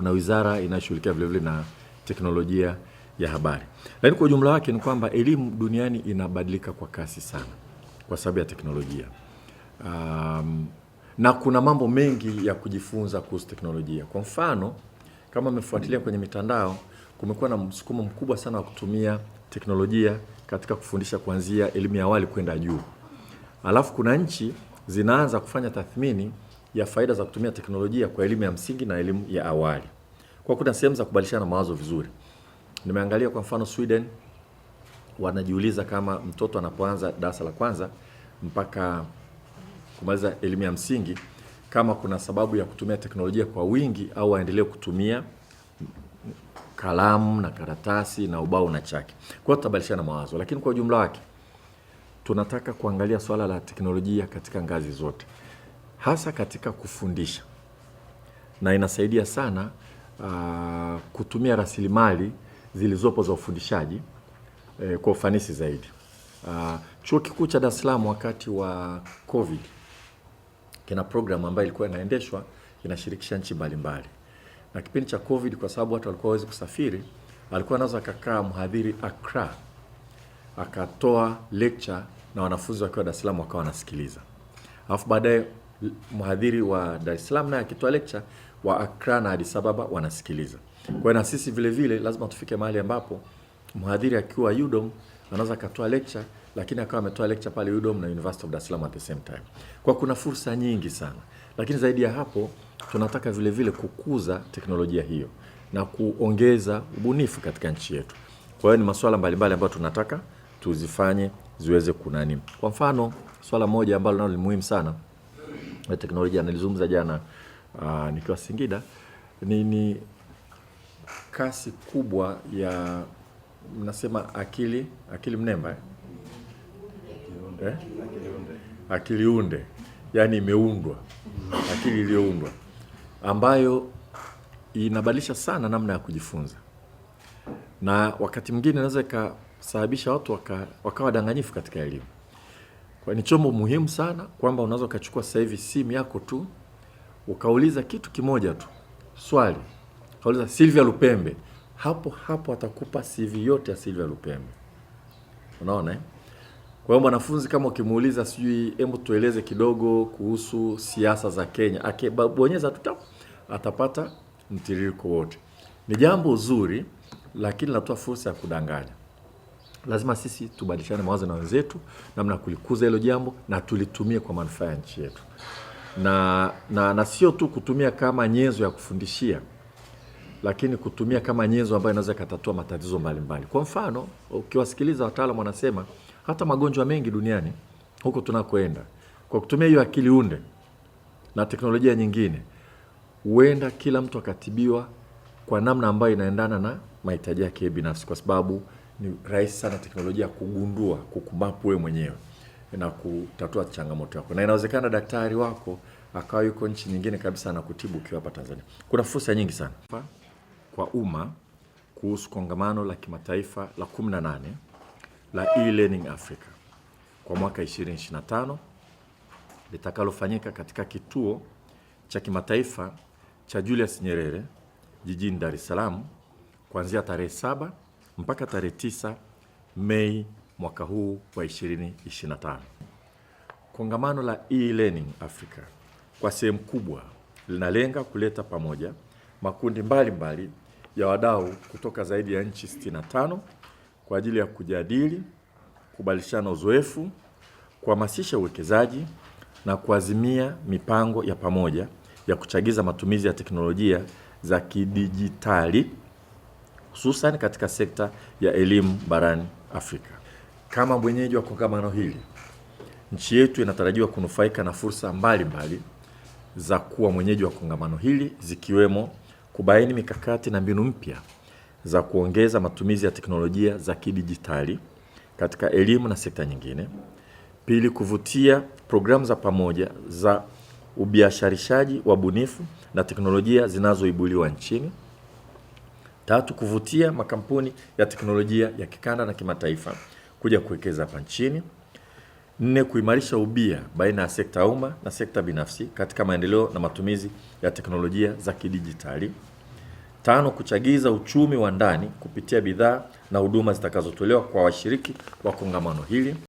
kuna wizara inayoshughulikia vilevile na teknolojia ya habari. Lakini kwa ujumla wake ni kwamba elimu duniani inabadilika kwa kasi sana kwa sababu ya teknolojia um, na kuna mambo mengi ya kujifunza kuhusu teknolojia. Kwa mfano, kama mmefuatilia kwenye mitandao, kumekuwa na msukumo mkubwa sana wa kutumia teknolojia katika kufundisha kuanzia elimu ya awali kwenda juu. Alafu kuna nchi zinaanza kufanya tathmini ya faida za kutumia teknolojia kwa elimu ya msingi na elimu ya awali. Kwa kuna sehemu za kubadilishana mawazo vizuri. Nimeangalia kwa mfano Sweden wanajiuliza kama mtoto anapoanza darasa la kwanza mpaka kumaliza elimu ya msingi kama kuna sababu ya kutumia teknolojia kwa wingi au waendelee kutumia kalamu na karatasi na ubao na chaki. Kwa hiyo tutabadilishana mawazo, lakini kwa ujumla wake tunataka kuangalia swala la teknolojia katika ngazi zote hasa katika kufundisha, na inasaidia sana uh, kutumia rasilimali zilizopo za ufundishaji eh, kwa ufanisi zaidi. Uh, Chuo Kikuu cha Dar es Salaam wakati wa COVID kina programu ambayo ilikuwa inaendeshwa inashirikisha nchi mbalimbali, na kipindi cha COVID kwa sababu watu walikuwa hawezi kusafiri, alikuwa anaweza akakaa mhadhiri Accra akatoa lecture na wanafunzi wakiwa Dar es Salaam wakawa wanasikiliza, alafu baadaye mhadhiri wa Dar es Salaam naye akitoa lecture, wa Accra na Addis Ababa wanasikiliza. Kwa hiyo na sisi vile vile lazima tufike mahali ambapo mhadhiri akiwa UDOM anaweza akatoa lecture lakini akawa ametoa lecture pale UDOM na University of Dar es Salaam at the same time. Kwa kuna fursa nyingi sana, lakini zaidi ya hapo tunataka vile vile kukuza teknolojia hiyo na kuongeza ubunifu katika nchi yetu. Kwa hiyo ni masuala mbalimbali ambayo tunataka tuzifanye ziweze kunani. Kwa mfano, swala moja ambalo nalo ni muhimu sana ya teknolojia nilizungumza jana uh, nikiwa Singida ni, ni kasi kubwa ya mnasema akili akili mnemba eh? Eh? akili unde yani imeundwa akili iliyoundwa ambayo inabadilisha sana namna ya kujifunza na wakati mwingine inaweza ikasababisha watu wakawa waka wadanganyifu katika elimu. Kwa ni chombo muhimu sana kwamba unaweza ukachukua sasa hivi simu yako tu ukauliza kitu kimoja tu swali, kauliza Silvia Lupembe, hapo hapo atakupa CV yote ya Silvia Lupembe. Unaona eh? Kwa hiyo mwanafunzi kama ukimuuliza sijui, hebu tueleze kidogo kuhusu siasa za Kenya, akibonyeza tu atapata mtiririko wote. Ni jambo zuri, lakini natoa fursa ya kudanganya lazima sisi tubadilishane mawazo na wenzetu namna ya kulikuza hilo jambo na tulitumie kwa manufaa ya nchi yetu, na, na, na sio tu kutumia kama nyenzo ya kufundishia, lakini kutumia kama nyenzo ambayo inaweza ikatatua matatizo mbalimbali. Kwa mfano, ukiwasikiliza wataalam wanasema hata magonjwa mengi duniani huko tunakoenda, kwa kutumia hiyo akili unde na teknolojia nyingine, huenda kila mtu akatibiwa kwa namna ambayo inaendana na mahitaji yake binafsi kwa sababu ni rahisi sana teknolojia kugundua, kukumapu wewe mwenyewe na kutatua changamoto yako, na inawezekana daktari wako akawa yuko nchi nyingine kabisa na kutibu ukiwa hapa Tanzania. Kuna fursa nyingi sana kwa umma kuhusu kongamano la kimataifa la 18 la e-learning Africa kwa mwaka 2025 litakalofanyika katika kituo cha kimataifa cha Julius Nyerere jijini Dar es Salaam kuanzia tarehe saba mpaka tarehe 9 Mei mwaka huu wa 2025. Kongamano la e-learning Africa kwa sehemu kubwa linalenga kuleta pamoja makundi mbalimbali mbali ya wadau kutoka zaidi ya nchi 65 kwa ajili ya kujadili, kubadilishana uzoefu, kuhamasisha uwekezaji na kuazimia mipango ya pamoja ya kuchagiza matumizi ya teknolojia za kidijitali hususan katika sekta ya elimu barani Afrika. Kama mwenyeji wa kongamano hili, nchi yetu inatarajiwa kunufaika na fursa mbalimbali mbali za kuwa mwenyeji wa kongamano hili zikiwemo kubaini mikakati na mbinu mpya za kuongeza matumizi ya teknolojia za kidijitali katika elimu na sekta nyingine. Pili, kuvutia programu za pamoja za ubiasharishaji wa bunifu na teknolojia zinazoibuliwa nchini. Tatu, kuvutia makampuni ya teknolojia ya kikanda na kimataifa kuja kuwekeza hapa nchini. Nne, kuimarisha ubia baina ya sekta ya umma na sekta binafsi katika maendeleo na matumizi ya teknolojia za kidijitali. Tano, kuchagiza uchumi wa ndani kupitia bidhaa na huduma zitakazotolewa kwa washiriki wa kongamano hili.